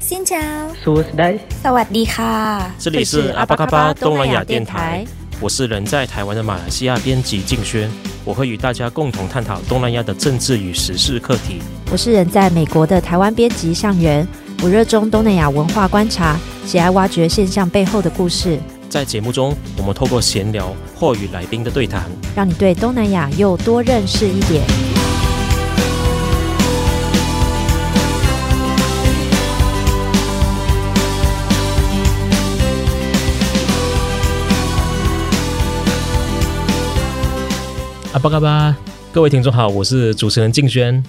新 h o 這裡是阿巴卡巴東南亞電台，我是人在台灣的馬來西亞編輯晉軒，我會與大家共同探討東南亞的政治與時事課題。我是人在美國的台灣編輯象元，我熱衷東南亞文化觀察，喜愛挖掘現象背後的故事。在節目中，我們透過閒聊或與來賓的對談，讓你對東南亞又多認識一點。阿峇卡巴，各位聽眾好，我是主持人晉軒。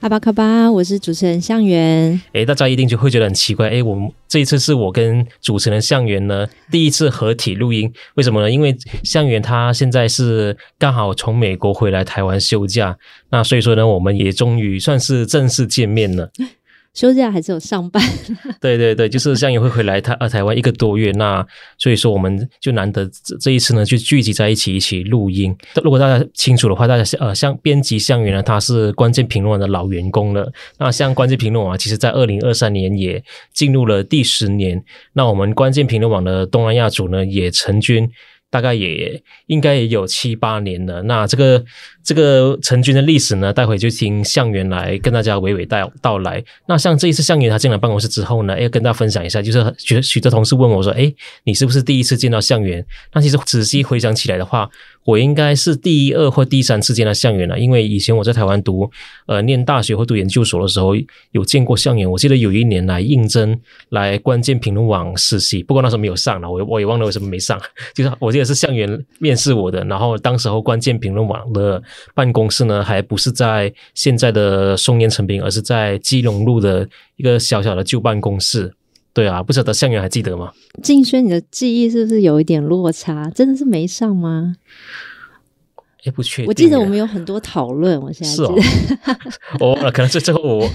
阿峇卡巴，我是主持人象元。哎，大家一定就會覺得很奇怪，哎，我們這一次是我跟主持人象元呢第一次合體錄音，為什麼呢？因為象元他現在是剛好從美國回來台灣休假，那所以說呢，我們也終於算是正式見面了。休假還是有上班。對對對，就是象元會回來台，他呃台灣一個多月， 那所以說我們就難得這這一次呢，就聚集在一起一起錄音。如果大家清楚的話，大家像呃像編輯象元呢，他是關鍵評論的老員工了。那像關鍵評論網、啊，其實在二零二三年也進入了第十年。那我們關鍵評論網的東南亞組呢，也成軍大概也應該也有七八年了。那這個。這個成軍的歷史呢，待會就聽象元來跟大家娓娓道道來。那像這一次象元他進來辦公室之後呢，要、哎、跟大家分享一下，就是許許多同事問我說：“哎，你是不是第一次見到象元？”那其實仔細回想起來的話，我應該是第一二或第三次見到象元了。因為以前我在台灣讀呃念大學或讀研究所的時候，有見過象元。我記得有一年來應徵來關鍵評論網實習，不過那時候沒有上了，我我也忘了為什麼沒上。就是我記得是象元面試我的，然後當時候關鍵評論網的。辦公室呢，還不是在現在的松菸誠品，而是在基隆路的一個小小的舊辦公室。對啊，不曉得象元還記得嗎？晉軒，你的記憶是不是有一點落差？真的是沒上嗎？也不確定。我記得我們有很多討論，我現在記得是哦， 哦，可能這最後我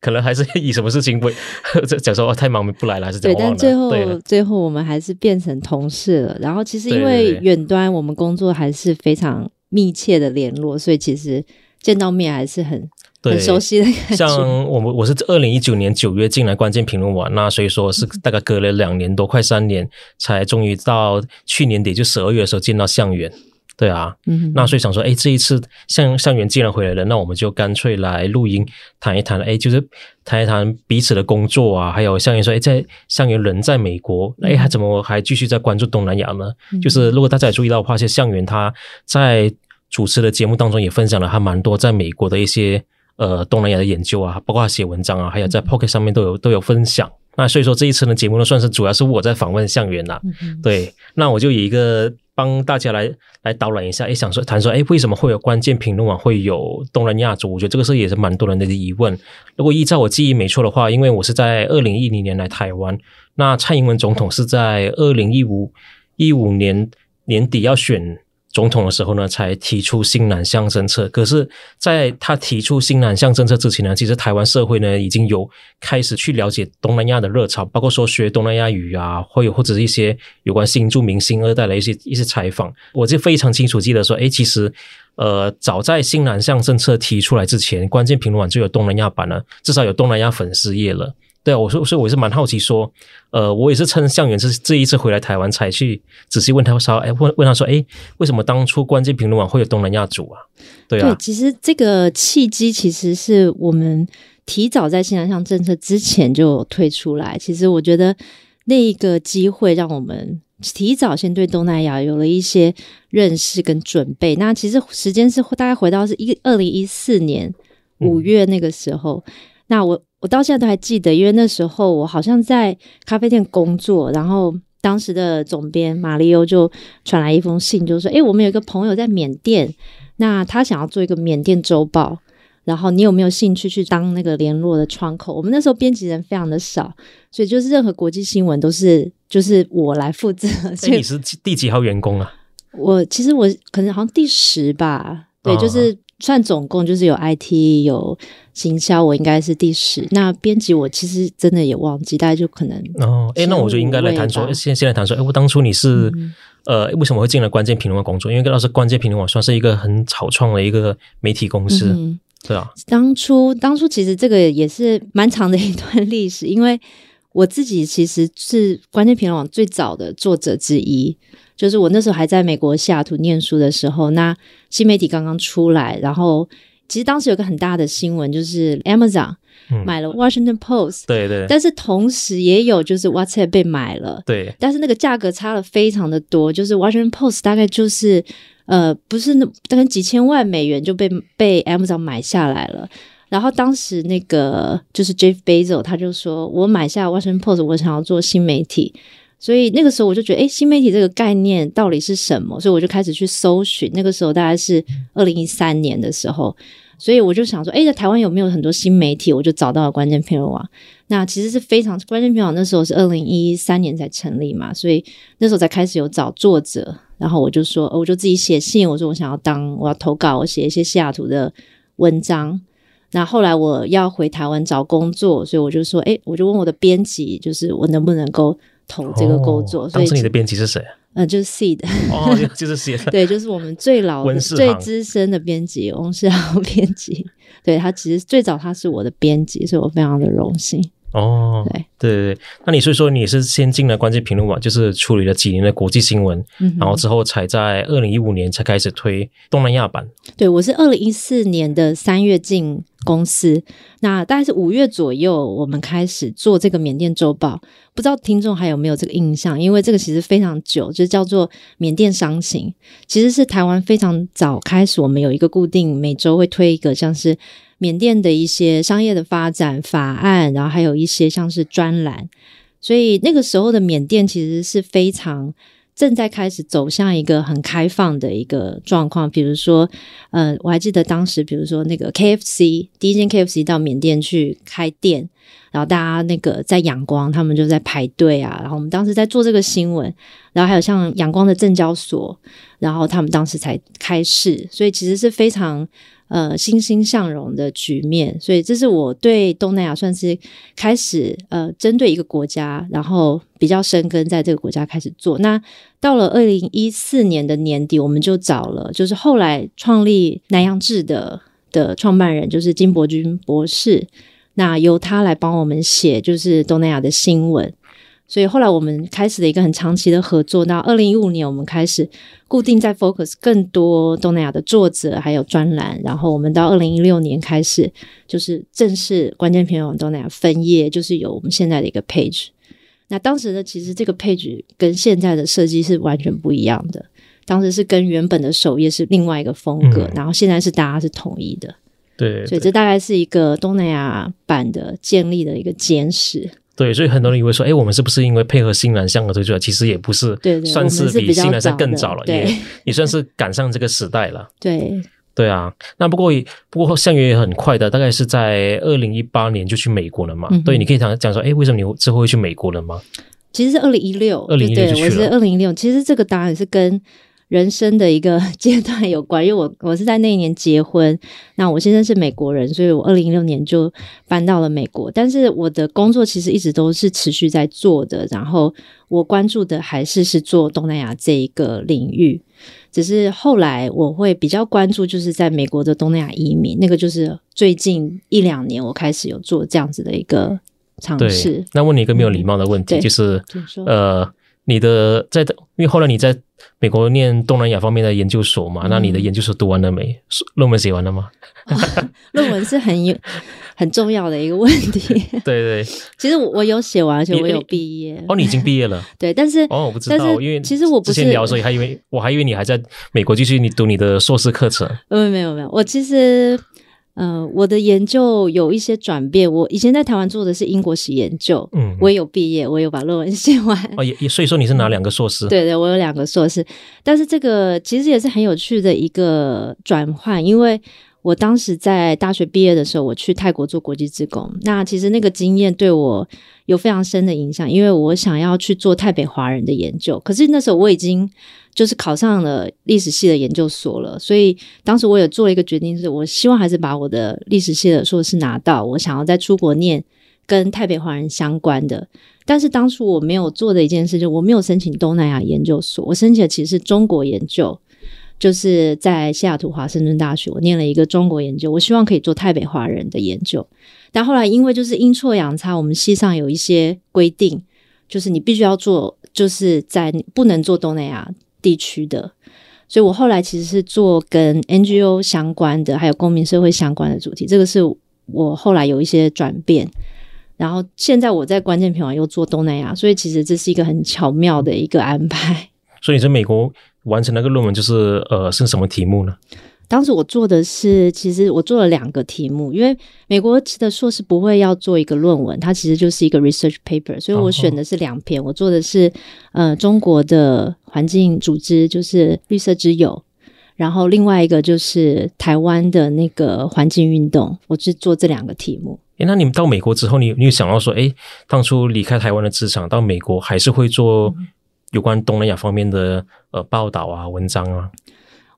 可能還是以什麼事情為，呵呵講說太忙不來了，還是怎麼？但最後最後我們還是變成同事了。然後其實因為遠端我們工作還是非常對對對。密切的聯絡，所以其實見到面還是很很熟悉的。像我們，我是二零一九年九月進來關鍵評論網，那所以說是大概隔了兩年多，嗯、快三年，才終於到去年底就十二月的時候見到象元。對啊、嗯，那所以想說，哎，這一次象象元既然回來了，那我們就乾脆來錄音談一談誒哎，就是談一談彼此的工作啊，還有象元說，哎，在象元人在美國，嗯、哎，他怎麼還繼續在關注東南亞呢？嗯、就是如果大家也注意到的話，像象元他在主持的節目當中也分享了他蠻多在美國的一些呃東南亞的研究啊，包括他寫文章啊，還有在 Pocket 上面都有、嗯、都有分享。那所以說這一次的節目呢，算是主要是我在訪問象元啦、啊嗯。對，那我就以一個。幫大家來來導覽一下，也、哎、想說談說，哎，為什麼會有關鍵評論網、啊、會有東南亞組？我覺得這個事也是蠻多人的疑問。如果依照我記憶沒錯的話，因為我是在二零一零年來台灣，那蔡英文總統是在二零一五一五年年底要選。總統的時候呢，才提出新南向政策。可是，在他提出新南向政策之前呢，其實台灣社會呢已經有開始去了解東南亞的熱潮，包括說學東南亞語啊，或者或者是一些有關新住民新二代的一些一些採訪，我就非常清楚記得說，誒，其實，呃，早在新南向政策提出來之前，關鍵評論網就有東南亞版了，至少有東南亞粉絲頁了。對啊，我說，所以我也是蠻好奇，說，呃，我也是趁象元是這一次回來台灣，才去仔細問他說，哎，問問他說，哎，為什麼當初關鍵評論網會有東南亞組啊？對啊對，其實這個契機其實是我們提早在新南向政策之前就推出來。其實我覺得那個機會讓我們提早先對東南亞有了一些認識跟準備。那其實時間是大概回到是一二零一四年五月那個時候，嗯、那我。我到現在都還記得，因為那時候我好像在咖啡店工作，然後當時的總編瑪利歐就傳來一封信，就說：“哎、欸，我們有一個朋友在緬甸，那他想要做一個緬甸週報，然後你有沒有興趣去當那個聯絡的窗口？”我們那時候編輯人非常的少，所以就是任何國際新聞都是就是我來負責。這你是第幾號員工啊？我其實我可能好像第十吧，對，就是。算總共就是有 IT 有行銷，我應該是第十。那編輯我其實真的也忘記，大家就可能哦。誒、欸、那我就應該來談說先先來談說，誒、欸、我當初你是，嗯、呃為什麼會進了關鍵評論網工作？因為當時關鍵評論網算是一個很草創的一個媒體公司，嗯、對啊。當初當初其實這個也是蠻長的一段歷史，因為我自己其實是關鍵評論網最早的作者之一。就是我那時候還在美國西雅圖念書的時候，那新媒體剛剛出來，然後其實當時有個很大的新聞，就是 Amazon 買了 Washington Post、嗯、對，對對，但是同時也有就是 WhatsApp 被買了，對，但是那個價格差了非常的多，就是 Washington Post 大概就是呃不是，那大概幾千萬美元就被被 Amazon 買下來了，然後當時那個就是 Jeff Bezos 他就說，我買下 Washington Post，我想要做新媒體。所以那個時候我就覺得，哎、欸，新媒體這個概念到底是什麼？所以我就開始去搜尋。那個時候大概是二零一三年的時候，所以我就想說，哎、欸，在台灣有沒有很多新媒體？我就找到了關鍵評論網。那其實是非常關鍵評論網，那時候是二零一三年才成立嘛，所以那時候才開始有找作者。然後我就說、哦，我就自己寫信，我說我想要當，我要投稿，我寫一些西雅圖的文章。那後來我要回台灣找工作，所以我就說，哎、欸，我就問我的編輯，就是我能不能夠。同這個工作。哦，當時你的編輯是誰啊？嗯、呃，就是 seed，、哦、就是 seed， 對，就是我們最老、最資深的編輯翁世航編輯。對，他，其實最早他是我的編輯，所以我非常的榮幸。哦，對對對，那你以說，說你是先進了關鍵評論網，就是處理了幾年的國際新聞，嗯、然後之後才在二零一五年才開始推東南亞版。對，我是二零一四年的三月進公司，那大概是五月左右，我們開始做這個緬甸週報。不知道聽眾還有沒有這個印象？因為這個其實非常久，就叫做緬甸商情，其實是台灣非常早開始，我們有一個固定每週會推一個像是緬甸的一些商業的發展法案，然後還有一些像是專欄。所以那個時候的緬甸其實是非常。正在開始走向一個很開放的一個狀況，比如說，嗯、呃，我還記得當時，比如說那個 KFC 第一間 KFC 到緬甸去開店，然後大家那個在仰光，他們就在排隊啊，然後我們當時在做這個新聞，然後還有像仰光的證交所，然後他們當時才開市，所以其實是非常。呃，欣欣向榮的局面，所以這是我對東南亞算是開始呃，針對一個國家，然後比較深耕在這個國家開始做。那到了二零一四年的年底，我們就找了，就是後來創立南洋志的的創辦人，就是金伯君博士，那由他來幫我們寫，就是東南亞的新聞。所以後來我們開始了一個很長期的合作。那二零一五年，我們開始固定在 Focus 更多東南亞的作者還有專欄。然後我們到二零一六年開始，就是正式關鍵評論網東南亞分頁，就是有我們現在的一個 page。那當時呢，其實這個 page 跟現在的設計是完全不一樣的。當時是跟原本的首頁是另外一個風格，嗯，然後現在是大家是統一的。對。對，所以這大概是一個東南亞版的建立的一個簡史。對，所以很多人以為說，哎、欸，我們是不是因為配合新南向而推出？其實也不是，算是比新南向更早了，也也、yeah, 算是趕上這個時代了。對，對啊。那不過不過，象元也很快的，大概是在二零一八年就去美國了嘛。嗯、對，你可以講講說，哎、欸，為什麼你之後會去美國了嗎？其實是二零一六，二零一六我覺得二零一六，其實這個答案是跟人生的一個階段有關，因為我我是在那一年結婚。那我先生是美國人，所以我二零一六年就搬到了美國，但是我的工作其實一直都是持續在做的，然後我關注的還是是做東南亞這一個領域，只是後來我會比較關注就是在美國的東南亞移民，那個就是最近一兩年我開始有做這樣子的一個嘗試。那問你一個沒有禮貌的問題，就是呃。你的在的，因為後來你在美國念東南亞方面的研究所嘛，那你的研究所讀完了沒？論文寫完了嗎？哦，論文是很有 很重要的一個問題。 對對，其實我有寫完，而且我有畢業。哦，你已經畢業了。 對，但是哦，我不知道，因為其實我之前聊，所以還以為我，我還以為你還在美國繼續你讀你的碩士課程。嗯，沒有沒有，我其實。呃，我的研究有一些轉變。我以前在台灣做的是英國史研究，嗯，我也有畢業，我有把論文寫完。哦，也也，所以說你是拿兩個碩士？ 對對，我有兩個碩士。但是這個其實也是很有趣的一個轉換，因為。我當時在大學畢業的時候，我去泰國做國際志工。那其實那個經驗對我有非常深的影響，因為我想要去做泰北華人的研究。可是那時候我已經就是考上了歷史系的研究所了，所以當時我有做了一個決定，是我希望還是把我的歷史系的碩士拿到，我想要再出國念跟泰北華人相關的。但是當初我沒有做的一件事，就我沒有申請東南亞研究所，我申請的其實是中國研究。就是在西雅圖華盛頓大學，我念了一個中國研究。我希望可以做泰北華人的研究，但後來因為就是陰錯陽差，我們系上有一些規定，就是你必須要做，就是在不能做東南亞地區的。所以我後來其實是做跟 NGO 相關的，還有公民社會相關的主題。這個是我後來有一些轉變。然後現在我在關鍵評論又做東南亞，所以其實這是一個很巧妙的一個安排。所以在美國。完成那個論文就是呃，是什麼題目呢？當時我做的是，其實我做了兩個題目，因為美國的碩士不會要做一個論文，它其實就是一個 research paper，所以我選的是兩篇。哦哦，我做的是呃，中國的環境組織就是綠色之友，然後另外一個就是台灣的那個環境運動。我是做這兩個題目。誒、哎，那你們到美國之後你，你你有想到說，哎，當初離開台灣的職場到美國還是會做、嗯？有關東南亞方面的呃報道啊、文章啊，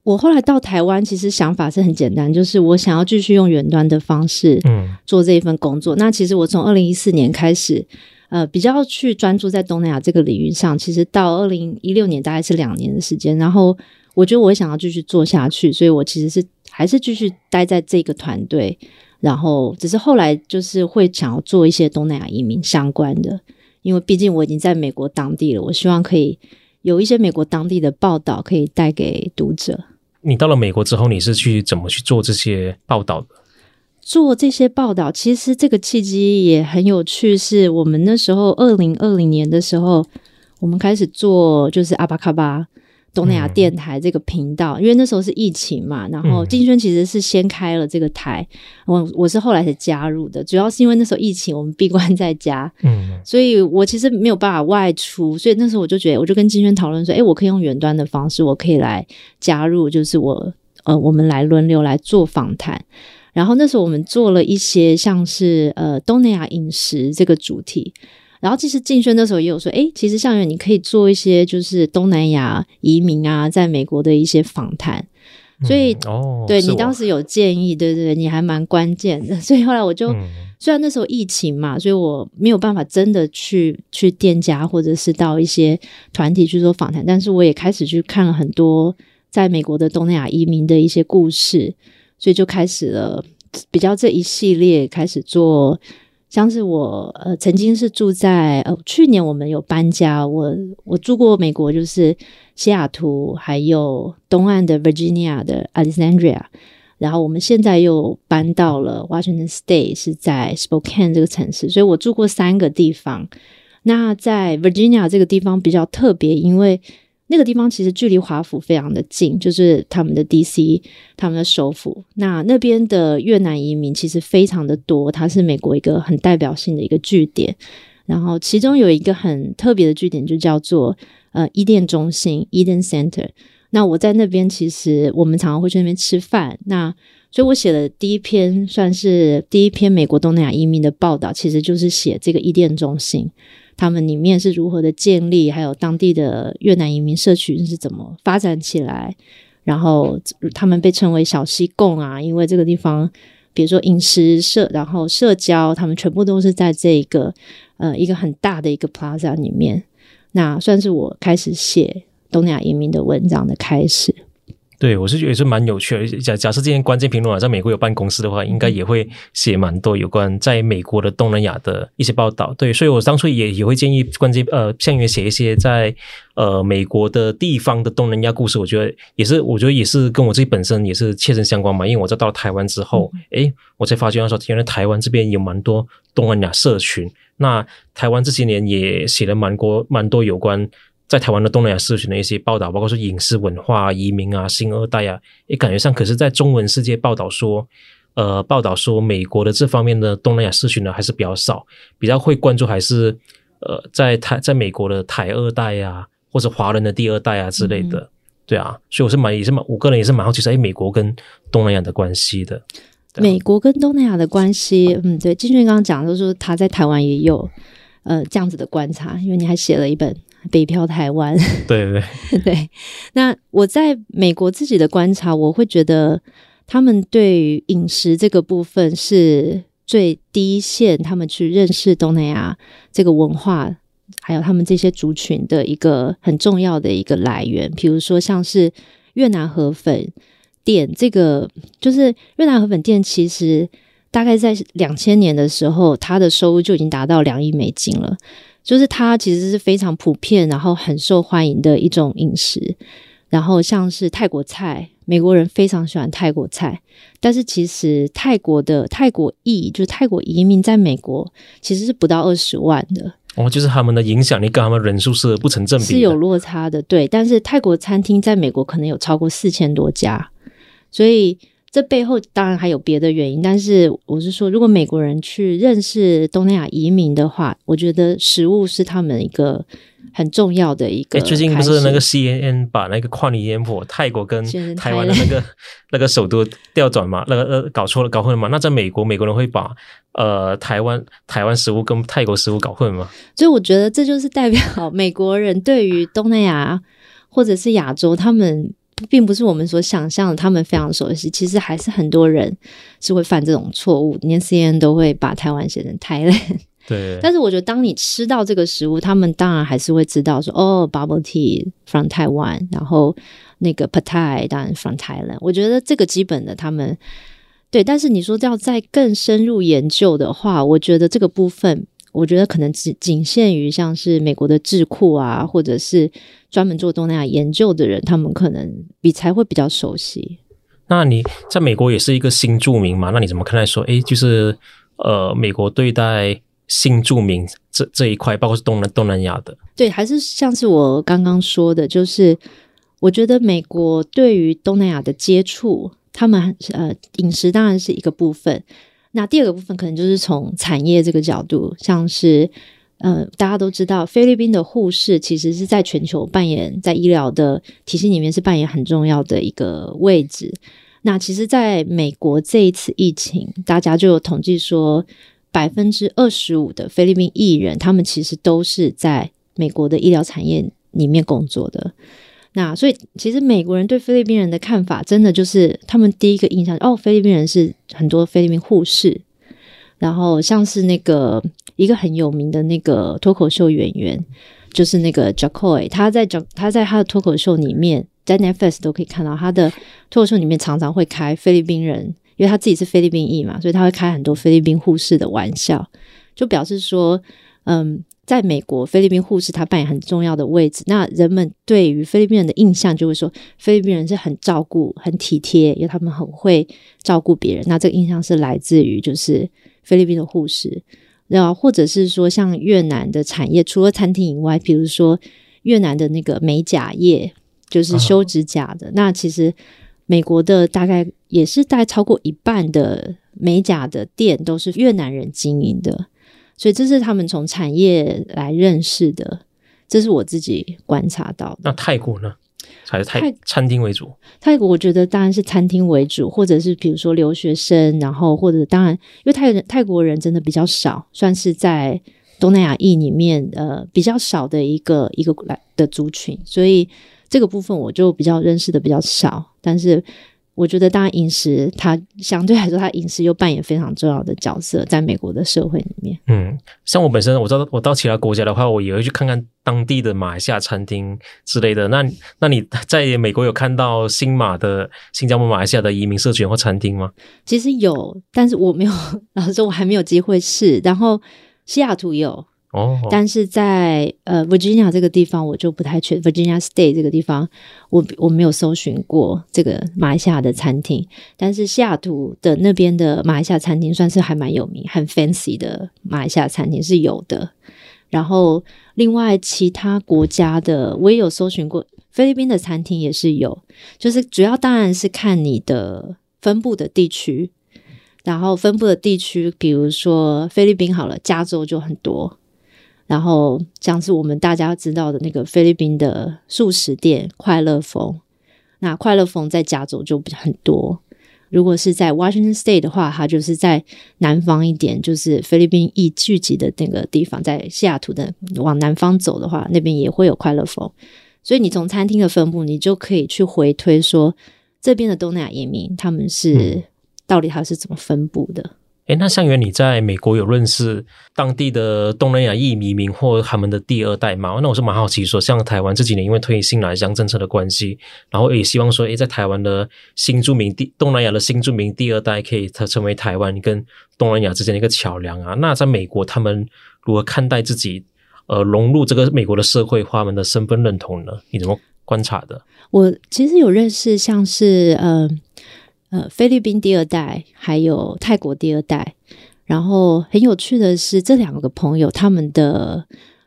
我後來到台灣，其實想法是很簡單，就是我想要繼續用遠端的方式，嗯，做這一份工作。嗯，那其實我從二零一四年開始，呃，比較去專注在東南亞這個領域上。其實到二零一六年大概是兩年的時間，然後我覺得我想要繼續做下去，所以我其實是還是繼續待在這個團隊，然後只是後來就是會想要做一些東南亞移民相關的。因為畢竟我已經在美國當地了，我希望可以有一些美國當地的報道可以帶給讀者。你到了美國之後，你是去怎麼去做這些報道的？做這些報道，其實這個契機也很有趣。是我們那時候二零二零年的時候，我們開始做，就是阿峇卡巴。東南亞電台這個頻道，嗯嗯，因為那時候是疫情嘛，然後晉軒其實是先開了這個台，嗯、我我是後來才加入的，主要是因為那時候疫情，我們閉關在家，嗯，所以我其實沒有辦法外出，所以那時候我就覺得，我就跟晉軒討論說，誒、欸，我可以用遠端的方式，我可以來加入，就是我呃，我們來輪流來做訪談，然後那時候我們做了一些像是呃東南亞飲食這個主題。然後其實晉軒那時候也有說，哎，其實象元你可以做一些就是東南亞移民啊，在美國的一些訪談。所以、嗯、哦，對你當時有建議，對對對，你還蠻關鍵的。所以後來我就，嗯、雖然那時候疫情嘛，所以我沒有辦法真的去去店家或者是到一些團體去做訪談，但是我也開始去看了很多在美國的東南亞移民的一些故事，所以就開始了比較這一系列開始做。像是我，呃，曾經是住在，呃，去年我們有搬家，我我住過美國，就是西雅圖，還有東岸的 Virginia 的 Alexandria，然後我們現在又搬到了 Washington State，是在 Spokane 這個城市，所以我住過三個地方。那在 Virginia 這個地方比較特別，因為，那個地方其實距離華府非常的近，就是他們的 D.C. 他們的首府。那那邊的越南移民其實非常的多，它是美國一個很代表性的一個據點。然後其中有一個很特別的據點，就叫做呃伊甸中心 （Eden Center）。那我在那邊，其實我們常常會去那邊吃飯。那所以我寫的第一篇，算是第一篇美國東南亞移民的報道，其實就是寫這個伊甸中心。他們裡面是如何的建立，還有當地的越南移民社群是怎麼發展起來，然後他們被稱為小西貢啊，因為這個地方，比如說飲食社，然後社交，他們全部都是在這一個呃一個很大的一個 plaza 裡面，那算是我開始寫東南亞移民的文章的開始。對，我是覺得也是蠻有趣的。假假設今天關鍵評論啊，在美國有辦公室的話，應該也會寫蠻多有關在美國的東南亞的一些報道。對，所以我當初也也會建議關鍵呃，像也寫一些在呃美國的地方的東南亞故事。我覺得也是，我覺得也是跟我自己本身也是切身相關嘛。因為我在到了台灣之後，哎，我才發覺到說原來台灣這邊有蠻多東南亞社群。那台灣這些年也寫了蠻多蠻多有關。在台灣的東南亞社群的一些報道，包括說飲食文化、移民啊、新二代啊，也感覺上，可是，在中文世界報道說，呃，報道說美國的這方面的東南亞社群呢，還是比較少，比較會關注還是呃，在台在美國的台二代啊，或者華人的第二代啊之類的，嗯、對啊，所以我是蠻也是蠻我個人也是蠻好奇說，哎美國跟東南亞的關係的，美國跟東南亞的關係、啊嗯，嗯，對，晉軒剛剛講就是他在台灣也有呃這樣子的觀察，因為你還寫了一本。北漂台灣，對對對, 對。那我在美國自己的觀察，我會覺得他們對於飲食這個部分是最低限他們去認識東南亞這個文化，還有他們這些族群的一個很重要的一個來源。比如說，像是越南河粉店，這個就是越南河粉店，其實大概在兩千年的時候，它的收入就已經達到兩億美金了。就是它其實是非常普遍，然後很受歡迎的一種飲食。然後像是泰國菜，美國人非常喜歡泰國菜，但是其實泰國的泰國裔，就是泰國移民在美國，其實是不到二十萬的。哦，就是他們的影響力跟他們人數是不成正比，是有落差的。對，但是泰國餐廳在美國可能有超過四千多家，所以。這背後當然還有別的原因，但是我是說，如果美國人去認識東南亞移民的話，我覺得食物是他們一個很重要的一個、欸。最近不是那個 CNN 把那個跨年煙火泰國跟台灣的那個、那個、那個首都調轉嘛？那個呃搞錯了搞混了嘛？那在美國美國人會把呃台灣台灣食物跟泰國食物搞混嗎？所以我覺得這就是代表美國人對於東南亞或者是亞洲他們。並不是我們所想象的，他們非常熟悉。其實還是很多人是會犯這種錯誤，連 CNN 都會把台灣寫成 Thailand，對。但是我覺得，當你吃到這個食物，他們當然還是會知道說，哦，bubble tea from Taiwan，然後那個 Pad Thai 當然 from Thailand。我覺得這個基本的，他們對。但是你說要再更深入研究的話，我覺得這個部分。我覺得可能只僅限於像是美國的智庫啊，或者是專門做東南亞研究的人，他們可能比才會比較熟悉。那你在美國也是一個新住民嘛？那你怎麼看待說，哎，就是呃，美國對待新住民這這一塊，包括是東南東南亞的？對，還是像是我剛剛說的，就是我覺得美國對於東南亞的接觸，他們呃，飲食當然是一個部分。那第二個部分可能就是從產業這個角度，像是，嗯、呃，大家都知道，菲律賓的護士其實是在全球扮演在醫療的體系裡面是扮演很重要的一個位置。那其實，在美國這一次疫情，大家就有統計說，百分之二十五的菲律賓藝人，他們其實都是在美國的醫療產業裡面工作的。那所以，其實美國人對菲律賓人的看法，真的就是他們第一個印象，哦，菲律賓人是很多菲律賓護士，然後像是那個一個很有名的那個脫口秀演員，就是那個 Jo Koy 他在講，他在他的脫口秀裡面，在 Netflix 都可以看到，他的脫口秀裡面常常會開菲律賓人，因為他自己是菲律賓裔嘛，所以他會開很多菲律賓護士的玩笑，就表示說，嗯。在美國，菲律賓護士他扮演很重要的位置。那人們對於菲律賓人的印象就會說，菲律賓人是很照顧、很體貼，因為他們很會照顧別人。那這個印象是來自於就是菲律賓的護士，然後或者是說像越南的產業，除了餐廳以外，比如說越南的那個美甲業，就是修指甲的，啊。那其實美國的大概也是大概超過一半的美甲的店都是越南人經營的。所以這是他們從產業來認識的，這是我自己觀察到的。那泰國呢？還是泰，泰國餐廳為主？泰國我覺得當然是餐廳為主，或者是比如說留學生，然後或者當然，因為泰人泰國人真的比較少，算是在東南亞裔裡面，呃，比較少的一個一個來的族群，所以這個部分我就比較認識的比較少，但是。我覺得，當然飲食，它相對來說，它飲食又扮演非常重要的角色，在美國的社會裡面。嗯，像我本身，我知道，我到其他國家的話，我也會去看看當地的馬來西亞餐廳之類的。那，那你在美國有看到新馬的、新加坡、馬來西亞的移民社群或餐廳嗎？其實有，但是我沒有，老實說，我還沒有機會試。然後，西雅圖有。哦，但是在呃，Virginia 這個地方我就不太確，Virginia State 這個地方我我沒有搜尋過這個馬來西亞的餐廳，但是西雅圖的那邊的馬來西亞餐廳算是還蠻有名，很 fancy 的馬來西亞餐廳是有的。然後另外其他國家的我也有搜尋過，菲律賓的餐廳也是有，就是主要當然是看你的分布的地區，然後分布的地區，比如說菲律賓好了，加州就很多。然後像是我們大家知道的那個菲律賓的素食店快樂蜂，那快樂蜂在加州就很多。如果是在 Washington State 的話，它就是在南方一點，就是菲律賓裔聚集的那個地方，在西雅圖的往南方走的話，那邊也會有快樂蜂。所以你從餐廳的分布，你就可以去回推說這邊的東南亞移民他們是、嗯、到底他是怎麼分布的。哎，那象元，你在美國有認識當地的東南亞裔移民或他們的第二代嗎？那我是蠻好奇說，說像台灣這幾年因為推行新南向政策的關係，然後也希望說，哎，在台灣的新住民第東南亞的新住民第二代可以，成為台灣跟東南亞之間的一個橋梁啊。那在美國，他們如何看待自己？呃，融入這個美國的社會，和他們的身份認同呢？你怎麼觀察的？我其實有認識，像是嗯。呃呃，菲律賓第二代，還有泰國第二代，然後很有趣的是，這兩個朋友他們的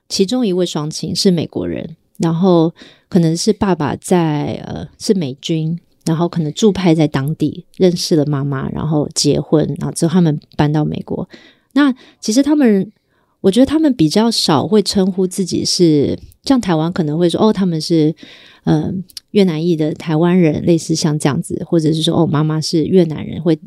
其中一位雙親是美國人，然後可能是爸爸在呃是美軍，然後可能駐派在當地認識了媽媽，然後結婚，然後之後他們搬到美國。那其實他們，我覺得他們比較少會稱呼自己是。像台灣可能會說哦，他們是，呃，越南裔的台灣人，類似像這樣子，或者是說哦，媽媽是越南人，會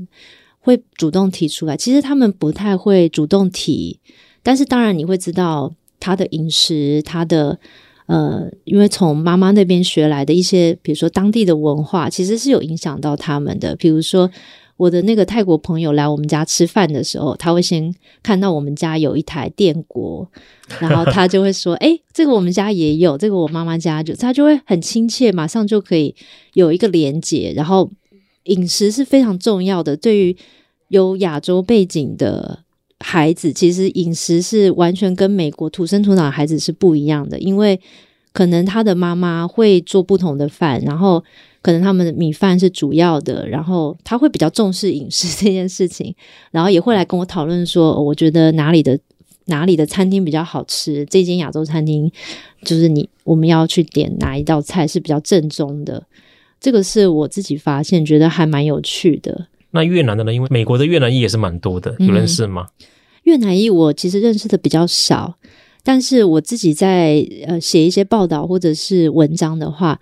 會主動提出來。其實他們不太會主動提，但是當然你會知道他的飲食，他的呃，因為從媽媽那邊學來的一些，比如說當地的文化，其實是有影響到他們的，比如說。我的那個泰國朋友來我們家吃飯的時候，他會先看到我們家有一台電鍋，然後他就會說：“誒、 欸，這個我們家也有，這個我媽媽家，就他就會很親切，馬上就可以有一個連接。然後飲食是非常重要的，對於有亞洲背景的孩子，其實飲食是完全跟美國土生土長的孩子是不一樣的，因為。”可能他的媽媽會做不同的飯，然後可能他們的米飯是主要的，然後他會比較重視飲食這件事情，然後也會來跟我討論說，哦，我覺得哪裡的哪裡的餐廳比較好吃，這間亞洲餐廳就是你我們要去點哪一道菜是比較正宗的，這個是我自己發現，覺得還蠻有趣的。那越南的呢？因為美國的越南裔也是蠻多的，有認識嗎？嗯，越南裔我其實認識的比較少。但是我自己在呃寫一些報道或者是文章的話，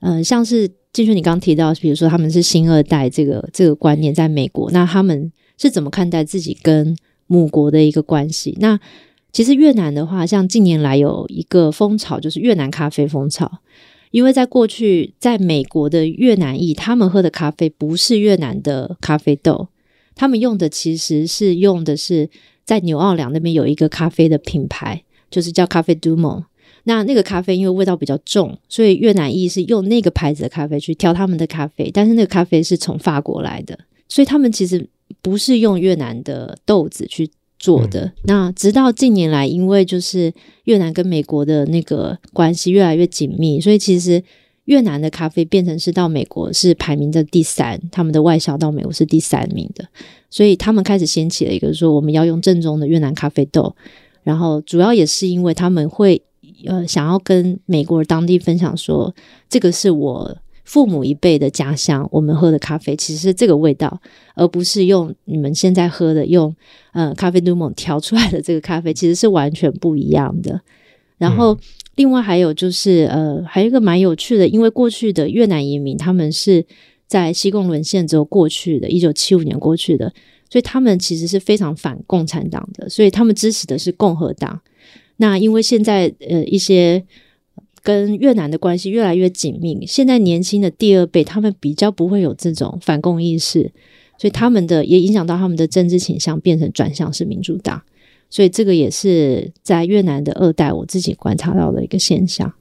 嗯、呃，像是晉軒你剛剛提到，比如說他們是新二代這個這個觀念，在美國，那他們是怎麼看待自己跟母國的一個關係？那其實越南的話，像近年來有一個風潮，就是越南咖啡風潮，因為在過去在美國的越南裔，他們喝的咖啡不是越南的咖啡豆，他們用的其實是用的是在紐奧良那邊有一個咖啡的品牌。就是叫咖啡杜蒙，那那個咖啡因為味道比較重，所以越南裔是用那個牌子的咖啡去調他們的咖啡，但是那個咖啡是從法國來的，所以他們其實不是用越南的豆子去做的。嗯、那直到近年來，因為就是越南跟美國的那個關係越來越緊密，所以其實越南的咖啡變成是到美國是排名的第三，他們的外銷到美國是第三名的，所以他們開始掀起了一個就是說我們要用正宗的越南咖啡豆。然後主要也是因為他們會呃想要跟美國當地分享說，這個是我父母一輩的家鄉，我們喝的咖啡其實是這個味道，而不是用你們現在喝的用呃 Café Du Monde 調出來的這個咖啡其實是完全不一樣的。然後另外還有就是呃還有一個蠻有趣的，因為過去的越南移民他們是在西貢淪陷之後過去的，一九七五年過去的。所以他們其實是非常反共產黨的，所以他們支持的是共和黨。那因為現在呃一些跟越南的關係越來越緊密，現在年輕的第二輩他們比較不會有這種反共意識，所以他們的也影響到他們的政治傾向變成轉向是民主黨。所以這個也是在越南的二代我自己觀察到的一個現象。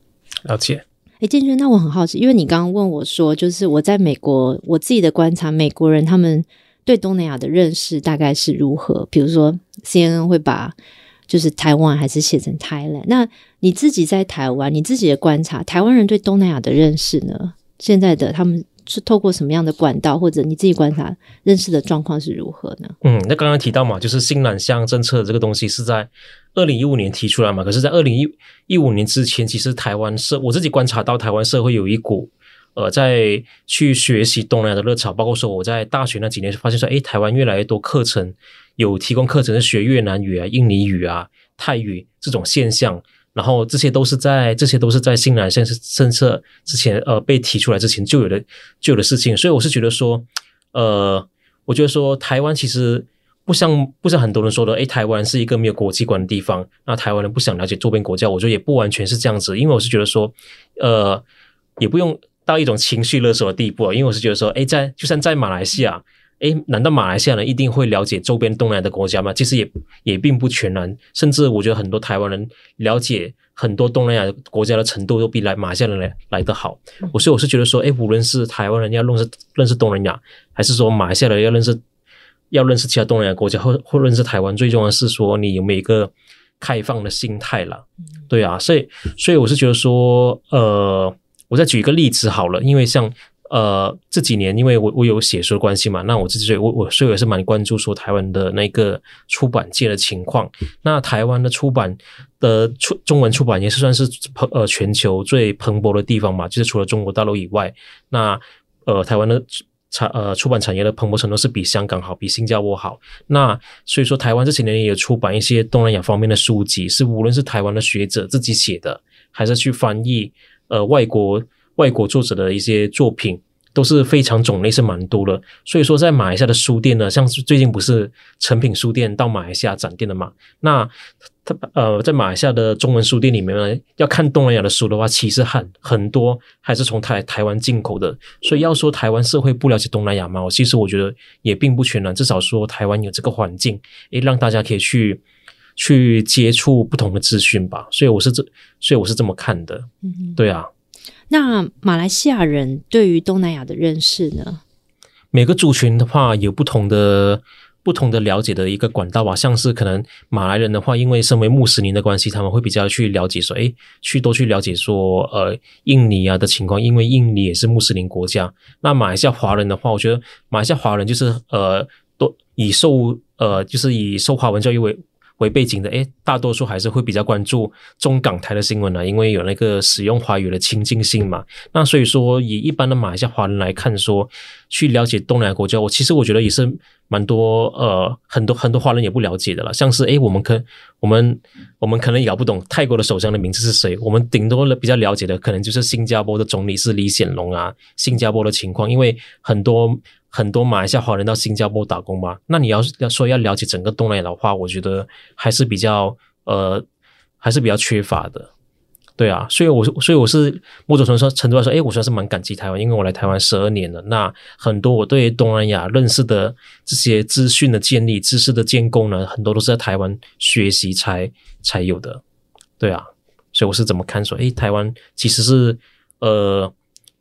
了解。哎，晉軒，那我很好奇，因為你剛剛問我說，就是我在美國我自己的觀察，美國人他們。對東南亞的認識大概是如何？比如說，CNN 會把就是台灣還是寫成 Thailand？那你自己在台灣，你自己的觀察，台灣人對東南亞的認識呢？現在的他們是透過什麼樣的管道，或者你自己觀察認識的狀況是如何呢？嗯，那剛剛提到嘛，就是新南向政策這個東西是在二零一五年提出來嘛，可是，在二零一五年之前，其實台灣社我自己觀察到台灣社會有一股。呃，在去學習東南亞的熱潮，包括說我在大學那幾年發現說，哎，台灣越來越多課程有提供課程是學越南語啊、印尼語啊、泰語啊、泰語這種現象，然後這些都是在這些都是在新南向政策之前呃被提出來之前就有的就有的事情，所以我是覺得說，呃，我覺得說台灣其實不像不像很多人說的，哎，台灣是一個沒有國際觀的地方，那台灣人不想了解周邊國家，我覺得也不完全是這樣子，因為我是覺得說，呃，也不用。到一種情緒勒索的地步，因為我是覺得說，哎，在就算在馬來西亞，哎，難道馬來西亞人一定會了解周邊東南亞的國家嗎？其實也也並不全然。甚至我覺得很多台灣人了解很多東南亞國家的程度，都比來馬來西亞人來來得好。我所以我是覺得說，哎，無論是台灣人要認識認識東南亞，還是說馬來西亞人要認識要認識其他東南亞國家，或或認識台灣，最重要的是說你有沒有一個開放的心態了。對啊，所以所以我是覺得說，呃。我再舉一個例子好了，因為像呃這幾年，因為我我有寫書的關係嘛，那我自己我我所以也是蠻關注說台灣的那個出版界的情況。那台灣的出版的出中文出版也是算是呃全球最蓬勃的地方嘛，就是除了中國大陸以外，那呃台灣的產呃出版產業的蓬勃程度是比香港好，比新加坡好。那所以說，台灣這幾年也出版一些東南亞方面的書籍，是無論是台灣的學者自己寫的，還是去翻譯。呃，外國外國作者的一些作品，都是非常種類是蠻多的。所以說在馬來西亞的書店呢，像是最近不是誠品書店到馬來西亞展店的嘛？那他呃，在馬來西亞的中文書店裡面呢，要看東南亞的書的話，其實很很多還是從台台灣進口的。所以要說台灣社會不了解東南亞嘛，我其實我覺得也並不全然，至少說台灣有這個環境，誒，讓大家可以去。去接觸不同的資訊吧，所以我是這，所以我是這麼看的。嗯，對啊。那馬來西亞人對於東南亞的認識呢？每個族群的話有不同的、不同的了解的一個管道吧。像是可能馬來人的話，因為身為穆斯林的關係，他們會比較去了解說，誒、哎，去多去了解說，呃，印尼啊的情況，因為印尼也是穆斯林國家。那馬來西亞華人的話，我覺得馬來西亞華人就是呃，都以受呃，就是以受華文教育為，為背景的。誒，大多數還是會比較關注中港台的新聞呢，啊，因為有那個使用華語的親近性嘛。那所以說，以一般的馬來西亞華人來看說，去了解東南亞國家，我其實我覺得也是蠻多呃，很多很多華人也不了解的了。像是誒我們可我們我們可能搞不懂泰國的首相的名字是誰，我們頂多了比較了解的，可能就是新加坡的總理是李顯龍啊，新加坡的情況，因為很多，很多馬來西亞華人到新加坡打工嘛，那你要是要說要了解整個東南亞的話，我覺得還是比較呃還是比較缺乏的，對啊，所以我所以我是某種程度上，程度來說，哎，我算是蠻感激臺灣，因為我來臺灣十二年了，那很多我對東南亞認識的這些資訊的建立、知識的建構呢，很多都是在臺灣學習才才有的，對啊，所以我是怎麼看說，哎，臺灣其實是呃。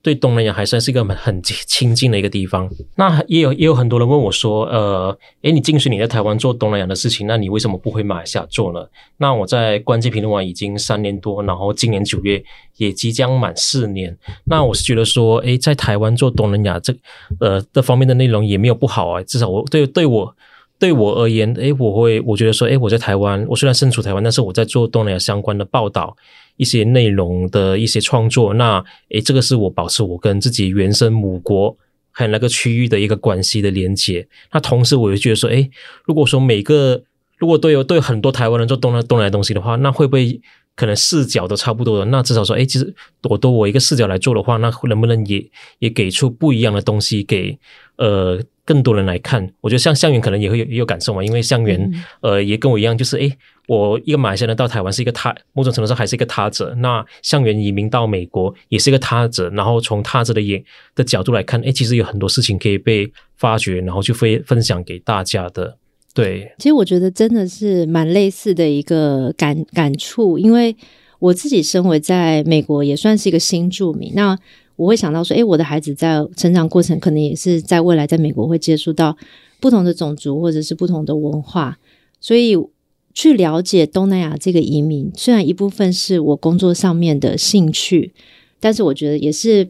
對東南亞還算是一個很親近的一個地方。那也有也有很多人問我說，呃，誒，你即使你在台灣做東南亞的事情，那你為什麼不回馬來西亞做呢？那我在關鍵評論網已經三年多，然後今年九月也即將滿四年。那我是覺得說，誒，在台灣做東南亞這呃這方面的內容也沒有不好啊，至少我對對我。對我而言，誒、哎、我會，我覺得說，誒、哎、我在台灣，我雖然身處台灣，但是我在做東南亞相關的報道，一些內容的一些創作，那，誒、哎、這個是我保持我跟自己原生母國還有那個區域的一個關係的連接。那同時，我就覺得說，誒、哎、如果說每個如果都有對很多台灣人做東南東南的東西的話，那會不會可能視角都差不多的？那至少說，誒、哎、其實我多，多我一個視角來做的話，那能不能也也給出不一樣的東西給呃？更多人來看，我覺得像象元可能也會也有感受嘛，因為象元呃也跟我一樣，就是哎，我一個馬來西亞人到台灣是一個他，某種程度上還是一個他者。那象元移民到美國也是一個他者，然後從他者的眼的角度來看，哎，其實有很多事情可以被發掘，然後去分分享給大家的。對，其實我覺得真的是蠻類似的一個感感觸，因為我自己生活在美國也算是一個新住民，那。我會想到說，誒、欸、我的孩子在成長過程，可能也是在未來在美國會接觸到不同的種族、或者是不同的文化，所以去了解東南亞這個移民，雖然一部分是我工作上面的興趣，但是我覺得也是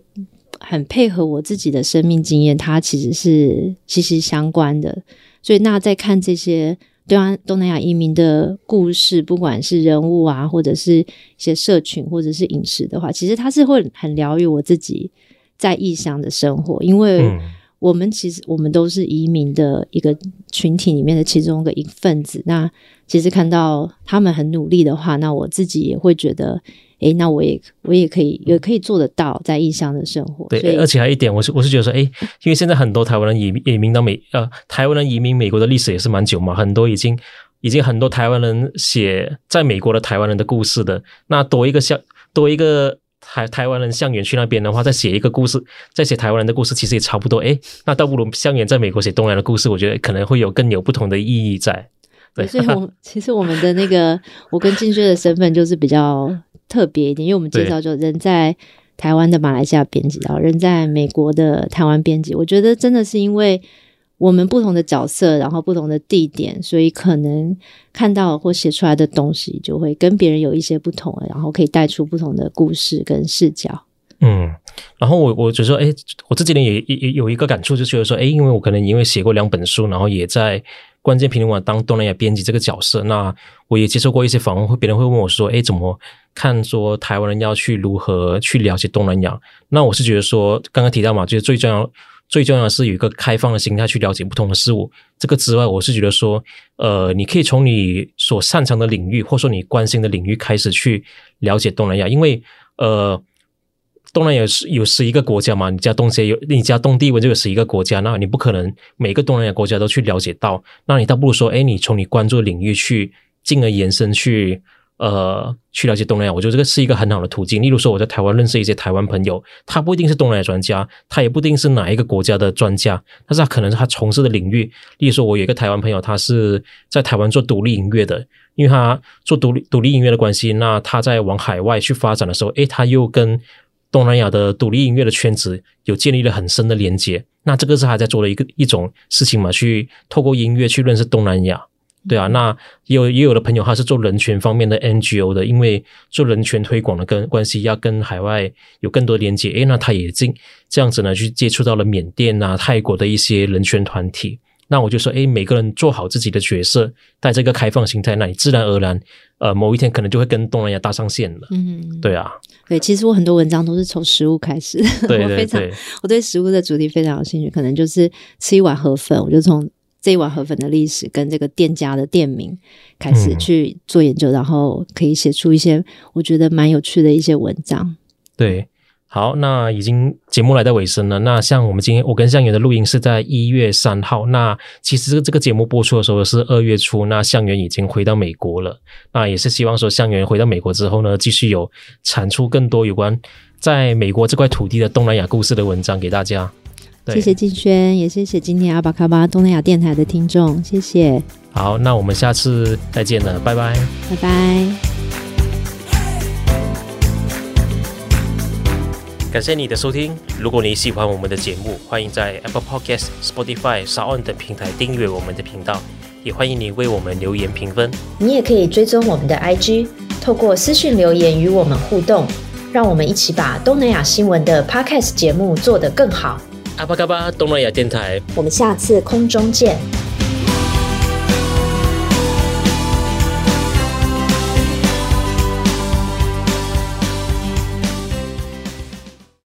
很配合我自己的生命經驗，它其實是息息相關的。所以那在看這些。對啊，東南亞移民的故事，不管是人物啊，或者是一些社群，或者是飲食的話，其實它是會很療癒我自己在異鄉的生活，因為我們其實我們都是移民的一個群體裡面的其中的一個一份子。那其實看到他們很努力的話，那我自己也會覺得。哎，那我也我也可以，也可以做得到在異鄉的生活。對，而且還有一點，我是我是覺得說，哎，因為現在很多台灣人移移民到美，呃，台灣人移民美國的歷史也是蠻久嘛，很多已經已經很多台灣人寫在美國的台灣人的故事的。那多一個像多一個台台灣人象元去那邊的話，再寫一個故事，再寫台灣人的故事，其實也差不多。哎，那倒不如象元在美國寫東南的故事，我覺得可能會有更有不同的意義在。對，所以我其實我們的那個 我跟晉軒的身份就是比較。特別一點，因為我們介紹就人在台灣的馬來西亞編輯，然後人在美國的台灣編輯，我覺得真的是因為我們不同的角色，然後不同的地點，所以可能看到或寫出來的東西就會跟別人有一些不同，然後可以帶出不同的故事跟視角。嗯，然後我我覺得，誒，欸，我這幾年也也有一個感觸，就覺得說，誒，欸，因為我可能因為寫過兩本書，然後也在關鍵評論網當東南亞編輯這個角色，那我也接受過一些訪問，會別人會問我說，誒，欸，怎麼？看說台灣人要去如何去了解東南亞，那我是覺得說，剛剛提到嘛，就是最重要，最重要的是有一個開放的心態去了解不同的事物。這個之外，我是覺得說，呃，你可以從你所擅長的領域，或說你關心的領域開始去了解東南亞，因為呃，東南亞有十一個國家嘛，你加東協有，你加東帝汶就有十一個國家，那你不可能每一個東南亞國家都去了解到，那你倒不如說，哎，你從你關注的領域去，進而延伸去。呃，去了解東南亞，我覺得這個是一個很好的途徑。例如說，我在台灣認識一些台灣朋友，他不一定是東南亞專家，他也不一定是哪一個國家的專家，但是他可能是他從事的領域。例如說，我有一個台灣朋友，他是在台灣做獨立音樂的，因為他做獨立獨立音樂的關係，那他在往海外去發展的時候，誒，他又跟東南亞的獨立音樂的圈子有建立了很深的連接。那這個是他在做的一個一種事情嘛，去透過音樂去認識東南亞。對啊，那也有也有的朋友他是做人權方面的 NGO 的，因為做人權推廣的跟關係要跟海外有更多連接，誒那他也進這樣子呢，去接觸到了緬甸啊、泰國的一些人權團體。那我就說，誒每個人做好自己的角色，帶這個開放心態，那你自然而然，呃，某一天可能就會跟東南亞搭上線了。嗯，對啊，對，其實我很多文章都是從食物開始，對對對對 我非常我對食物的主題非常有興趣，可能就是吃一碗河粉，我就從。這一碗河粉的歷史跟這個店家的店名開始去做研究，嗯，然後可以寫出一些我覺得蠻有趣的一些文章。對，好，那已經節目來到尾聲了。那像我們今天我跟象元的錄音是在一月三號，那其實這個節目播出的時候是二月初。那象元已經回到美國了，那也是希望說象元回到美國之後呢，繼續有產出更多有關在美國這塊土地的東南亞故事的文章給大家。謝謝晉軒，也謝謝今天阿巴卡巴東南亞電台的聽眾，謝謝。好，那我們下次再見了，拜拜，拜拜。感謝你的收聽。如果你喜歡我們的節目，歡迎在 Apple Podcast、Spotify、SoundOn 等平台訂閱我們的頻道，也歡迎你為我們留言評分。你也可以追蹤我們的 IG，透過私訊留言與我們互動，讓我們一起把東南亞新聞的 Podcast 節目做得更好。阿峇卡巴，東南亞電台。我們下次空中見。